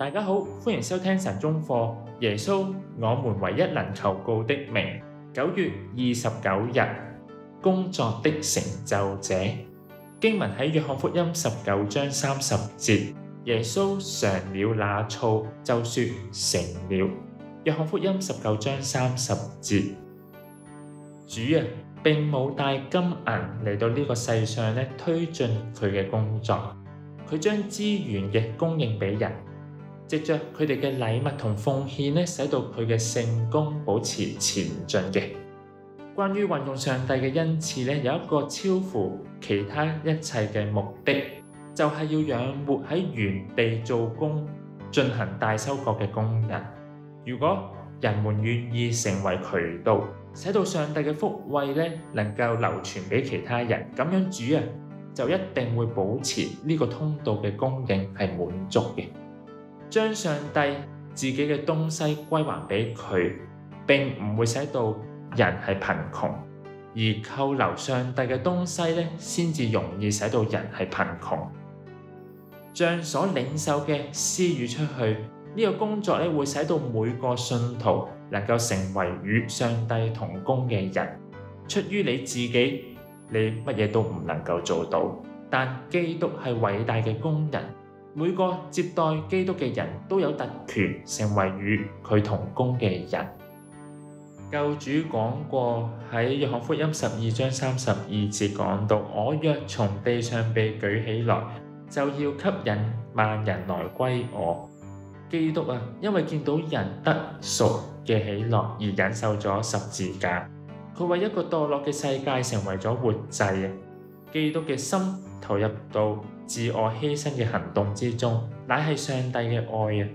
大家好，歡迎收聽神中課。耶穌，我們唯一能求告的名。九月二十九日，工作的成就者。經文喺約翰福音十九章三十節，耶穌嘗了那醋，就說成了。約翰福音十九章三十節，主啊，並冇帶金銀嚟到呢個世上咧，推進佢嘅工作，佢將資源嘅供應俾人。藉著佢哋嘅禮物同奉獻咧，使到佢嘅聖工保持前進嘅。關於運用上帝嘅恩賜咧，有一個超乎其他一切嘅目的，就係要養活喺原地做工、進行大收穫嘅工人。如果人們願意成為渠道，使到上帝嘅福惠咧能夠流傳俾其他人，咁樣主啊就一定會保持呢個通道嘅供應係滿足嘅。將上帝自己嘅東西歸還俾佢，並唔會使到人係貧窮，而扣留上帝嘅東西咧，先至容易使到人係貧窮。將所領受嘅施予出去，呢個工作咧，會使到每個信徒能夠成為與上帝同工嘅人。出於你自己，你乜嘢都唔能夠做到，但基督係偉大嘅工人。每個接待基督嘅人都有特權，成為與佢同工嘅人。救主講過喺約翰福音十二章三十二節講到：我若從地上被舉起來，就要吸引萬人來歸我。基督啊，因為見到人得贖嘅喜樂而忍受咗十字架，佢為一個墮落嘅世界成為咗活祭基督嘅心投入到自我犧牲嘅行動之中，乃係上帝嘅愛啊！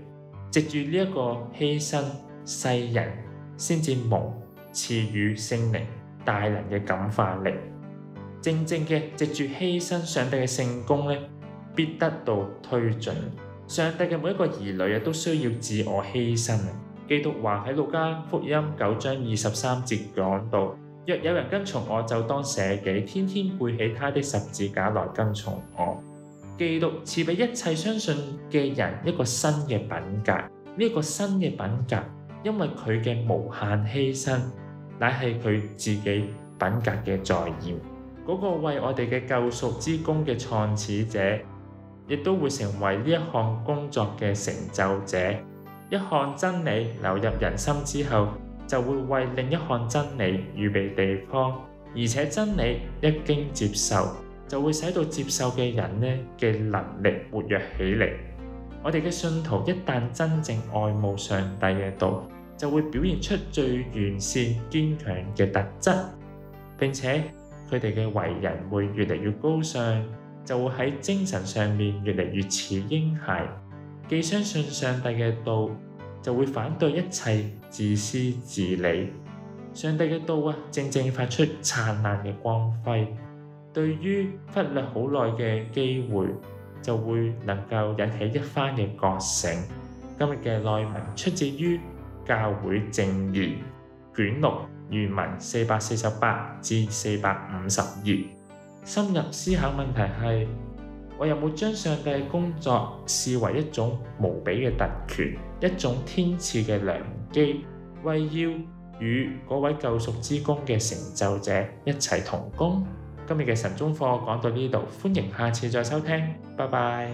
藉住呢一個犧牲，世人先至蒙賜予聖靈大能嘅感化力。正正嘅藉住犧牲，上帝嘅聖工呢，必得到推進。上帝嘅每一個兒女都需要自我犧牲。基督話喺路加福音九章二十三節講到。若有人跟從我，就當捨己，天天背起他的十字架來跟從我。基督賜俾一切相信嘅人一個新嘅品格，呢、這、一個新嘅品格，因為佢嘅無限犧牲，乃係佢自己品格嘅再現。嗰、那個為我哋嘅救贖之功嘅創始者，亦都會成為呢一項工作嘅成就者。一項真理流入人心之後，就會為另一項真理預備地方，而且真理一經接受，就會使到接受嘅人呢嘅能力活躍起嚟。我哋嘅信徒一旦真正愛慕上帝嘅道，就會表現出最完善堅強嘅特質，並且佢哋嘅為人會越嚟越高尚，就會喺精神上面越嚟越似嬰孩，既相信上帝嘅道。就會反對一切自私自利。上帝嘅道啊，正正發出燦爛嘅光輝。對於忽略好耐嘅機會，就會能夠引起一番嘅覺醒。今日嘅內文出自於教會證言卷六，原文四百四十八至四百五十二。深入思考問題係我又冇將上帝嘅工作視為一種無比嘅特權，一種天賜嘅良機，為要與嗰位救贖之工嘅成就者一齊同工。今日嘅神中課講到呢度，歡迎下次再收聽，拜拜。